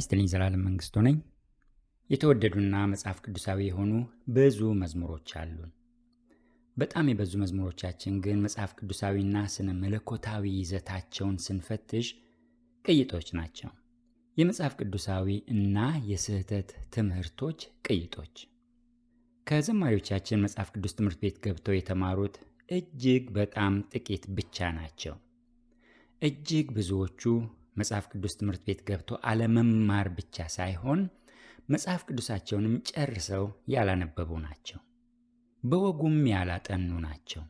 ይስጥልኝ ዘላለም መንግስቱ ነኝ። የተወደዱና መጽሐፍ ቅዱሳዊ የሆኑ ብዙ መዝሙሮች አሉን። በጣም የበዙ መዝሙሮቻችን ግን መጽሐፍ ቅዱሳዊና ስነ መለኮታዊ ይዘታቸውን ስንፈትሽ ቅይጦች ናቸው። የመጽሐፍ ቅዱሳዊ እና የስህተት ትምህርቶች ቅይጦች። ከዘማሪዎቻችን መጽሐፍ ቅዱስ ትምህርት ቤት ገብተው የተማሩት እጅግ በጣም ጥቂት ብቻ ናቸው። እጅግ ብዙዎቹ መጽሐፍ ቅዱስ ትምህርት ቤት ገብቶ አለመማር ብቻ ሳይሆን መጽሐፍ ቅዱሳቸውንም ጨርሰው ያላነበቡ ናቸው፣ በወጉም ያላጠኑ ናቸው።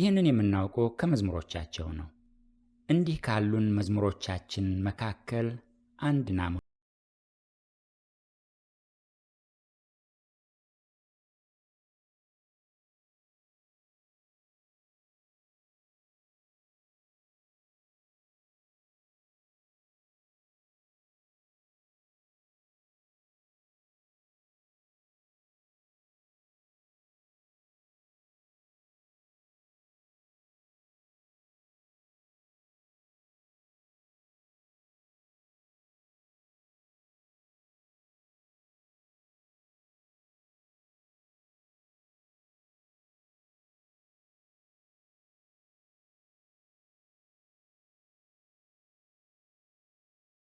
ይህንን የምናውቀው ከመዝሙሮቻቸው ነው። እንዲህ ካሉን መዝሙሮቻችን መካከል አንድ ናሞ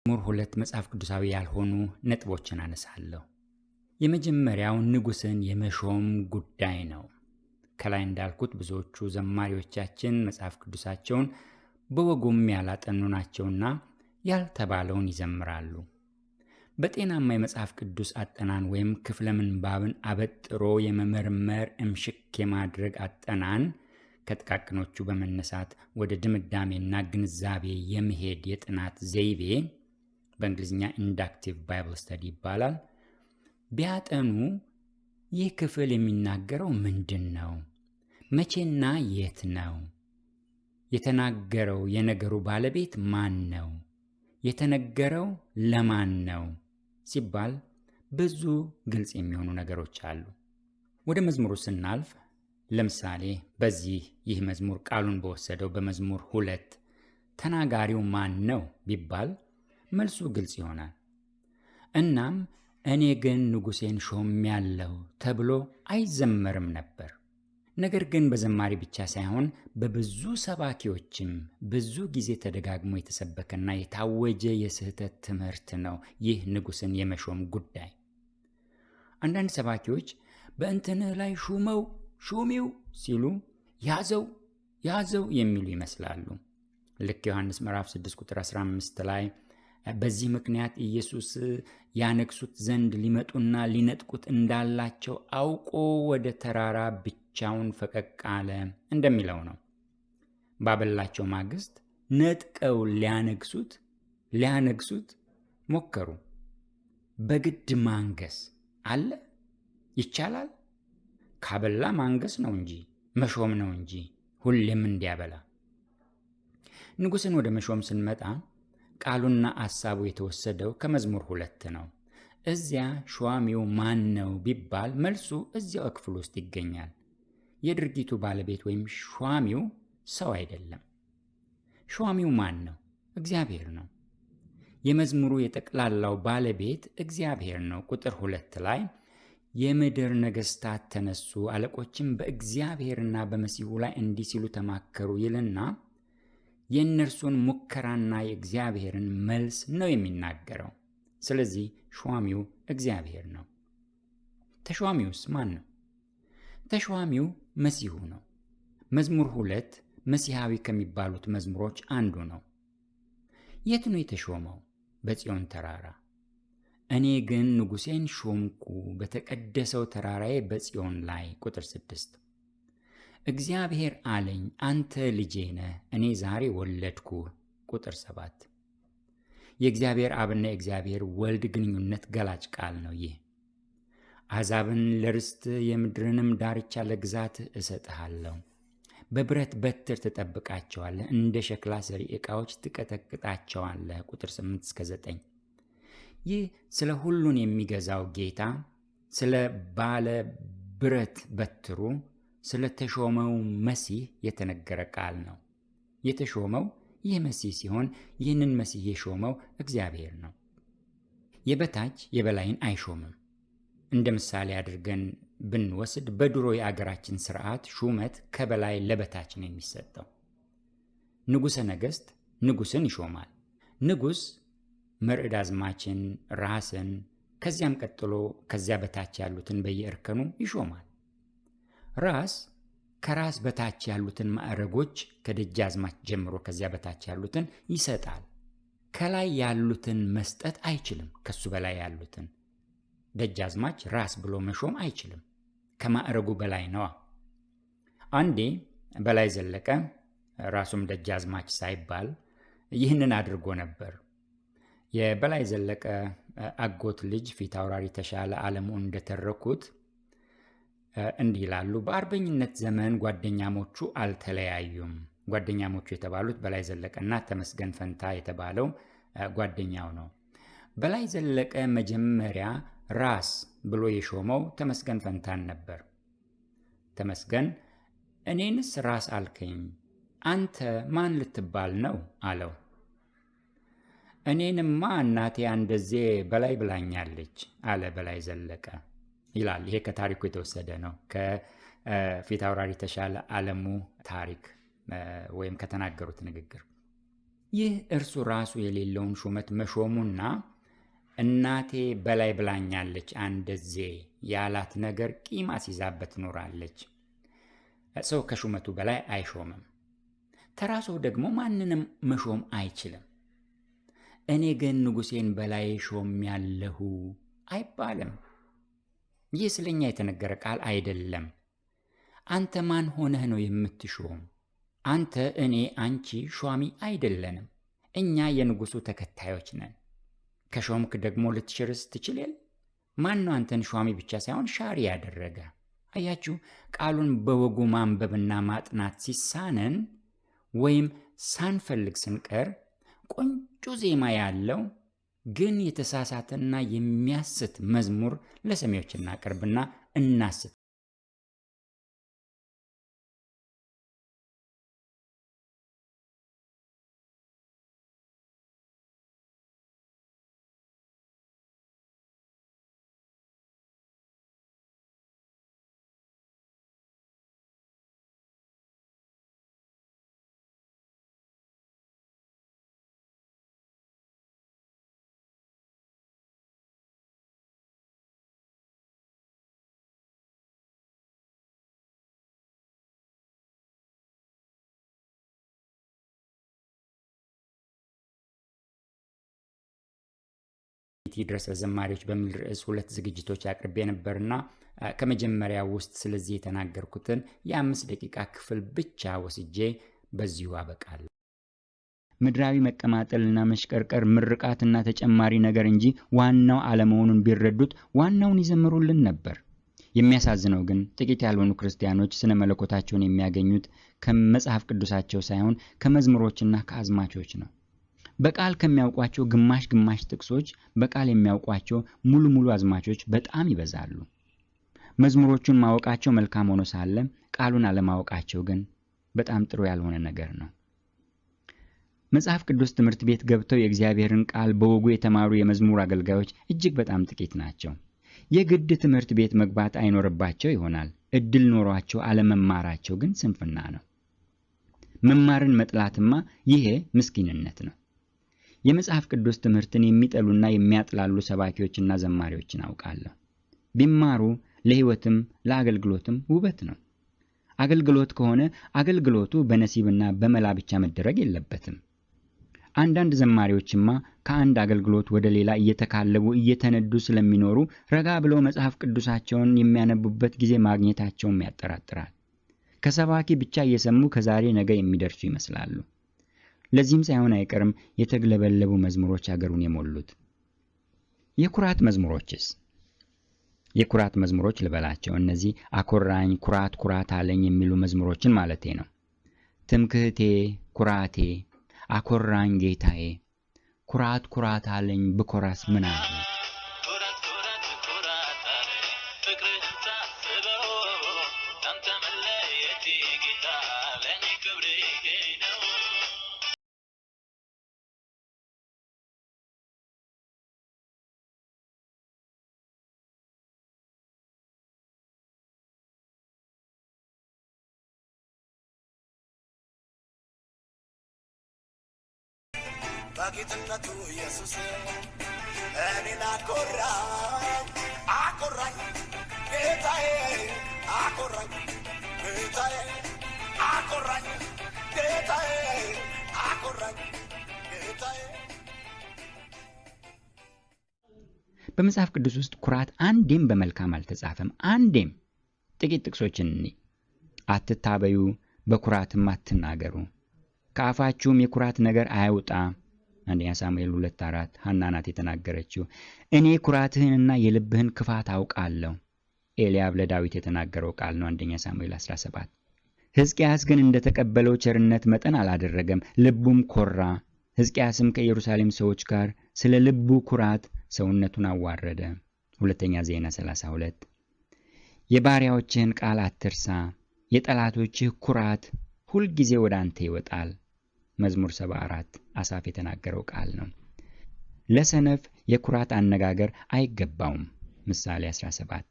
መዝሙር ሁለት መጽሐፍ ቅዱሳዊ ያልሆኑ ነጥቦችን አነሳለሁ። የመጀመሪያው ንጉሥን የመሾም ጉዳይ ነው። ከላይ እንዳልኩት ብዙዎቹ ዘማሪዎቻችን መጽሐፍ ቅዱሳቸውን በወጉም ያላጠኑ ናቸውና ያልተባለውን ይዘምራሉ። በጤናማ የመጽሐፍ ቅዱስ አጠናን ወይም ክፍለ ምንባብን አበጥሮ የመመርመር እምሽክ የማድረግ አጠናን ከጥቃቅኖቹ በመነሳት ወደ ድምዳሜና ግንዛቤ የመሄድ የጥናት ዘይቤ በእንግሊዝኛ ኢንዳክቲቭ ባይብል ስተዲ ይባላል፣ ቢያጠኑ ይህ ክፍል የሚናገረው ምንድን ነው? መቼና የት ነው? የተናገረው የነገሩ ባለቤት ማን ነው? የተነገረው ለማን ነው? ሲባል ብዙ ግልጽ የሚሆኑ ነገሮች አሉ። ወደ መዝሙሩ ስናልፍ ለምሳሌ በዚህ ይህ መዝሙር ቃሉን በወሰደው በመዝሙር ሁለት ተናጋሪው ማን ነው ቢባል መልሱ ግልጽ ይሆናል። እናም እኔ ግን ንጉሴን ሾም ያለው ተብሎ አይዘመርም ነበር። ነገር ግን በዘማሪ ብቻ ሳይሆን በብዙ ሰባኪዎችም ብዙ ጊዜ ተደጋግሞ የተሰበከና የታወጀ የስህተት ትምህርት ነው ይህ ንጉሥን የመሾም ጉዳይ። አንዳንድ ሰባኪዎች በእንትንህ ላይ ሹመው ሹሚው ሲሉ ያዘው ያዘው የሚሉ ይመስላሉ። ልክ ዮሐንስ ምዕራፍ 6 ቁጥር 15 ላይ በዚህ ምክንያት ኢየሱስ ያነግሱት ዘንድ ሊመጡና ሊነጥቁት እንዳላቸው አውቆ ወደ ተራራ ብቻውን ፈቀቅ አለ እንደሚለው ነው። ባበላቸው ማግስት ነጥቀው ሊያነግሱት ሊያነግሱት ሞከሩ። በግድ ማንገስ አለ ይቻላል። ካበላ ማንገስ ነው እንጂ መሾም ነው እንጂ ሁሌም እንዲያበላ ንጉሥን ወደ መሾም ስንመጣ ቃሉና አሳቡ የተወሰደው ከመዝሙር ሁለት ነው። እዚያ ሿሚው ማን ነው ቢባል መልሱ እዚያው ክፍል ውስጥ ይገኛል። የድርጊቱ ባለቤት ወይም ሿሚው ሰው አይደለም። ሿሚው ማን ነው? እግዚአብሔር ነው። የመዝሙሩ የጠቅላላው ባለቤት እግዚአብሔር ነው። ቁጥር ሁለት ላይ የምድር ነገሥታት ተነሱ፣ አለቆችም በእግዚአብሔርና በመሲሁ ላይ እንዲህ ሲሉ ተማከሩ ይልና የእነርሱን ሙከራና የእግዚአብሔርን መልስ ነው የሚናገረው። ስለዚህ ሿሚው እግዚአብሔር ነው። ተሿሚውስ ማን ነው? ተሿሚው መሲሁ ነው። መዝሙር ሁለት መሲሐዊ ከሚባሉት መዝሙሮች አንዱ ነው። የት ነው የተሾመው? በጽዮን ተራራ። እኔ ግን ንጉሴን ሾምኩ በተቀደሰው ተራራዬ በጽዮን ላይ ቁጥር ስድስት እግዚአብሔር አለኝ አንተ ልጄ ነህ እኔ ዛሬ ወለድኩህ። ቁጥር ሰባት የእግዚአብሔር አብና የእግዚአብሔር ወልድ ግንኙነት ገላጭ ቃል ነው። ይህ አሕዛብን ለርስት የምድርንም ዳርቻ ለግዛት እሰጥሃለሁ። በብረት በትር ትጠብቃቸዋለህ፣ እንደ ሸክላ ሰሪ ዕቃዎች ትቀጠቅጣቸዋለህ። ቁጥር 8 እስከ 9 ይህ ስለ ሁሉን የሚገዛው ጌታ ስለ ባለ ብረት በትሩ ስለ ተሾመው መሲህ የተነገረ ቃል ነው። የተሾመው ይህ መሲህ ሲሆን ይህንን መሲህ የሾመው እግዚአብሔር ነው። የበታች የበላይን አይሾምም። እንደ ምሳሌ አድርገን ብንወስድ በድሮ የአገራችን ስርዓት ሹመት ከበላይ ለበታች ነው የሚሰጠው። ንጉሠ ነገሥት ንጉሥን ይሾማል። ንጉሥ መርዕድ አዝማችን፣ ራስን፣ ከዚያም ቀጥሎ ከዚያ በታች ያሉትን በየእርከኑ ይሾማል። ራስ ከራስ በታች ያሉትን ማዕረጎች ከደጃዝማች ጀምሮ ከዚያ በታች ያሉትን ይሰጣል። ከላይ ያሉትን መስጠት አይችልም። ከሱ በላይ ያሉትን ደጃዝማች ራስ ብሎ መሾም አይችልም። ከማዕረጉ በላይ ነዋ። አንዴ በላይ ዘለቀ ራሱም ደጃዝማች ሳይባል ይህንን አድርጎ ነበር። የበላይ ዘለቀ አጎት ልጅ ፊት አውራሪ ተሻለ አለሙ እንደተረኩት እንዲህ ይላሉ። በአርበኝነት ዘመን ጓደኛሞቹ አልተለያዩም። ጓደኛሞቹ የተባሉት በላይ ዘለቀና ተመስገን ፈንታ የተባለው ጓደኛው ነው። በላይ ዘለቀ መጀመሪያ ራስ ብሎ የሾመው ተመስገን ፈንታን ነበር። ተመስገን እኔንስ ራስ አልከኝ፣ አንተ ማን ልትባል ነው አለው። እኔንማ እናቴ አንደዜ በላይ ብላኛለች አለ በላይ ዘለቀ። ይላል። ይሄ ከታሪኩ የተወሰደ ነው። ከፊት አውራሪ ተሻለ አለሙ ታሪክ ወይም ከተናገሩት ንግግር ይህ እርሱ ራሱ የሌለውን ሹመት መሾሙና እናቴ በላይ ብላኛለች አንደዜ ያላት ነገር ቂም አስይዛበት ኖራለች። ሰው ከሹመቱ በላይ አይሾምም። ተራ ሰው ደግሞ ማንንም መሾም አይችልም። እኔ ግን ንጉሴን በላይ ሾም ያለሁ አይባልም። ይህ ስለ እኛ የተነገረ ቃል አይደለም። አንተ ማን ሆነህ ነው የምትሾም? አንተ፣ እኔ፣ አንቺ ሿሚ አይደለንም። እኛ የንጉሡ ተከታዮች ነን። ከሾምክ ደግሞ ልትሽርስ ትችልል። የለ። ማን ነው አንተን ሿሚ ብቻ ሳይሆን ሻሪ ያደረገ? አያችሁ፣ ቃሉን በወጉ ማንበብና ማጥናት ሲሳነን ወይም ሳንፈልግ ስንቀር ቆንጆ ዜማ ያለው ግን የተሳሳተና የሚያስት መዝሙር ለሰሚዎች እናቀርብና እናስት ይድረስ ለዘማሪዎች በሚል ርዕስ ሁለት ዝግጅቶች አቅርቤ ነበርና ከመጀመሪያ ውስጥ ስለዚህ የተናገርኩትን የአምስት ደቂቃ ክፍል ብቻ ወስጄ በዚሁ አበቃለሁ። ምድራዊ መቀማጠልና መሽቀርቀር ምርቃትና ተጨማሪ ነገር እንጂ ዋናው አለመሆኑን ቢረዱት ዋናውን ይዘምሩልን ነበር። የሚያሳዝነው ግን ጥቂት ያልሆኑ ክርስቲያኖች ስነ መለኮታቸውን የሚያገኙት ከመጽሐፍ ቅዱሳቸው ሳይሆን ከመዝሙሮችና ከአዝማቾች ነው። በቃል ከሚያውቋቸው ግማሽ ግማሽ ጥቅሶች በቃል የሚያውቋቸው ሙሉ ሙሉ አዝማቾች በጣም ይበዛሉ። መዝሙሮቹን ማወቃቸው መልካም ሆኖ ሳለ ቃሉን አለማወቃቸው ግን በጣም ጥሩ ያልሆነ ነገር ነው። መጽሐፍ ቅዱስ ትምህርት ቤት ገብተው የእግዚአብሔርን ቃል በወጉ የተማሩ የመዝሙር አገልጋዮች እጅግ በጣም ጥቂት ናቸው። የግድ ትምህርት ቤት መግባት አይኖርባቸው ይሆናል። እድል ኖሯቸው አለመማራቸው ግን ስንፍና ነው። መማርን መጥላትማ ይሄ ምስኪንነት ነው። የመጽሐፍ ቅዱስ ትምህርትን የሚጠሉና የሚያጥላሉ ሰባኪዎችና ዘማሪዎችን አውቃለሁ። ቢማሩ ለሕይወትም ለአገልግሎትም ውበት ነው። አገልግሎት ከሆነ አገልግሎቱ በነሲብና በመላ ብቻ መደረግ የለበትም። አንዳንድ ዘማሪዎችማ ከአንድ አገልግሎት ወደ ሌላ እየተካለቡ እየተነዱ ስለሚኖሩ ረጋ ብለው መጽሐፍ ቅዱሳቸውን የሚያነቡበት ጊዜ ማግኘታቸውም ያጠራጥራል። ከሰባኪ ብቻ እየሰሙ ከዛሬ ነገ የሚደርሱ ይመስላሉ። ለዚህም ሳይሆን አይቀርም የተግለበለቡ መዝሙሮች አገሩን የሞሉት። የኩራት መዝሙሮችስ? የኩራት መዝሙሮች ልበላቸው። እነዚህ አኮራኝ፣ ኩራት ኩራት አለኝ የሚሉ መዝሙሮችን ማለቴ ነው። ትምክህቴ፣ ኩራቴ፣ አኮራኝ ጌታዬ፣ ኩራት ኩራት አለኝ ብኮራስ አለ? በቂ ኢየሱስ እኔን አኮራኝ አኮራኝ ጌታዬ አኮራኝ ጌታዬ አኮራኝ ጌታዬ አኮራኝ ጌታዬ በመጽሐፍ ቅዱስ ውስጥ ኩራት አንዴም በመልካም አልተጻፈም። አንዴም ጥቂት ጥቅሶችን እኔ አትታበዩ፣ በኩራትም አትናገሩ፣ ከአፋችሁም የኩራት ነገር አይውጣ አንደኛ ሳሙኤል ሁለት አራት ሐና ናት የተናገረችው። እኔ ኩራትህንና የልብህን ክፋት አውቃለሁ ኤልያብ ለዳዊት የተናገረው ቃል ነው። አንደኛ ሳሙኤል 17 ሕዝቅያስ ግን እንደተቀበለው ቸርነት መጠን አላደረገም፣ ልቡም ኮራ። ሕዝቅያስም ከኢየሩሳሌም ሰዎች ጋር ስለ ልቡ ኩራት ሰውነቱን አዋረደ። ሁለተኛ ዜና 32 የባሪያዎችህን ቃል አትርሳ፣ የጠላቶችህ ኩራት ሁልጊዜ ወደ አንተ ይወጣል መዝሙር 74 አሳፍ የተናገረው ቃል ነው። ለሰነፍ የኩራት አነጋገር አይገባውም። ምሳሌ 17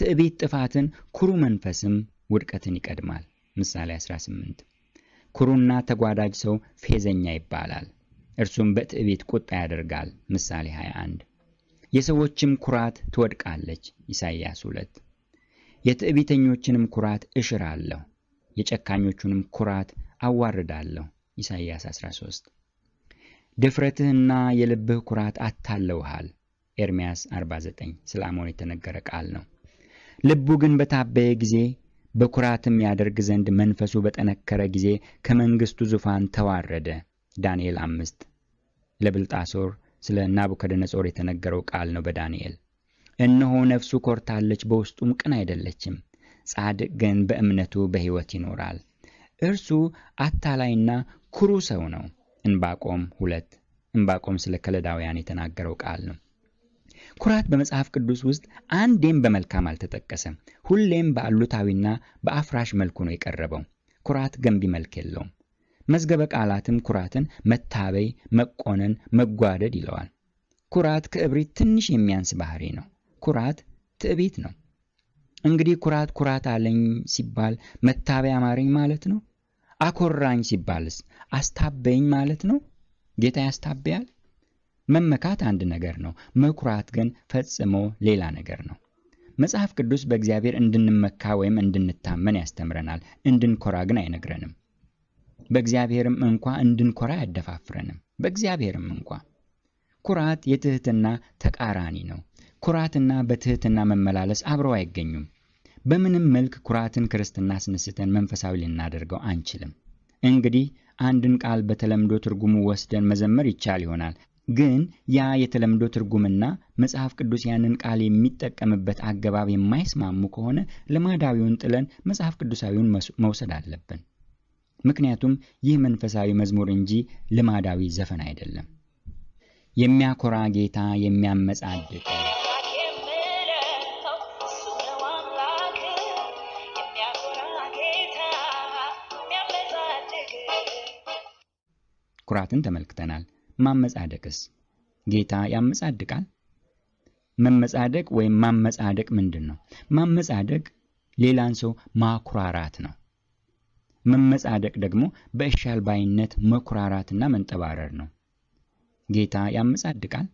ትዕቢት ጥፋትን፣ ኩሩ መንፈስም ውድቀትን ይቀድማል። ምሳሌ 18 ኩሩና ተጓዳጅ ሰው ፌዘኛ ይባላል፣ እርሱም በትዕቢት ቁጣ ያደርጋል። ምሳሌ 21 የሰዎችም ኩራት ትወድቃለች። ኢሳይያስ 2 የትዕቢተኞችንም ኩራት እሽራለሁ የጨካኞቹንም ኩራት አዋርዳለሁ። ኢሳይያስ 13 ድፍረትህና የልብህ ኩራት አታለውሃል። ኤርምያስ 49 ስለ አሞን የተነገረ ቃል ነው። ልቡ ግን በታበየ ጊዜ በኩራትም ያደርግ ዘንድ መንፈሱ በጠነከረ ጊዜ ከመንግስቱ ዙፋን ተዋረደ። ዳንኤል አምስት ለብልጣሶር ስለ ናቡከደነጾር የተነገረው ቃል ነው። በዳንኤል እነሆ ነፍሱ ኮርታለች፣ በውስጡም ቅን አይደለችም። ጻድቅ ግን በእምነቱ በሕይወት ይኖራል። እርሱ አታላይና ኩሩ ሰው ነው። እንባቆም ሁለት እንባቆም ስለ ከለዳውያን የተናገረው ቃል ነው። ኩራት በመጽሐፍ ቅዱስ ውስጥ አንዴም በመልካም አልተጠቀሰም። ሁሌም በአሉታዊና በአፍራሽ መልኩ ነው የቀረበው። ኩራት ገንቢ መልክ የለውም። መዝገበ ቃላትም ኩራትን መታበይ፣ መቆነን፣ መጓደድ ይለዋል። ኩራት ከእብሪት ትንሽ የሚያንስ ባህሪ ነው። ኩራት ትዕቢት ነው። እንግዲህ ኩራት ኩራት አለኝ ሲባል መታበይ አማረኝ ማለት ነው። አኮራኝ ሲባልስ አስታበኝ ማለት ነው። ጌታ ያስታበያል። መመካት አንድ ነገር ነው፣ መኩራት ግን ፈጽሞ ሌላ ነገር ነው። መጽሐፍ ቅዱስ በእግዚአብሔር እንድንመካ ወይም እንድንታመን ያስተምረናል። እንድንኮራ ግን አይነግረንም። በእግዚአብሔርም እንኳ እንድንኮራ አያደፋፍረንም። በእግዚአብሔርም እንኳ ኩራት የትህትና ተቃራኒ ነው። ኩራትና በትህትና መመላለስ አብረው አይገኙም። በምንም መልክ ኩራትን ክርስትና አስነስተን መንፈሳዊ ልናደርገው አንችልም። እንግዲህ አንድን ቃል በተለምዶ ትርጉሙ ወስደን መዘመር ይቻል ይሆናል። ግን ያ የተለምዶ ትርጉምና መጽሐፍ ቅዱስ ያንን ቃል የሚጠቀምበት አገባብ የማይስማሙ ከሆነ ልማዳዊውን ጥለን መጽሐፍ ቅዱሳዊውን መውሰድ አለብን። ምክንያቱም ይህ መንፈሳዊ መዝሙር እንጂ ልማዳዊ ዘፈን አይደለም። የሚያኮራ ጌታ የሚያመጻድቅ ኩራትን ተመልክተናል። ማመጻደቅስ ጌታ ያመጻድቃል? መመጻደቅ ወይም ማመጻደቅ ምንድን ነው? ማመጻደቅ ሌላን ሰው ማኩራራት ነው። መመጻደቅ ደግሞ በእሻል ባይነት መኩራራትና መንጠባረር ነው። ጌታ ያመጻድቃል?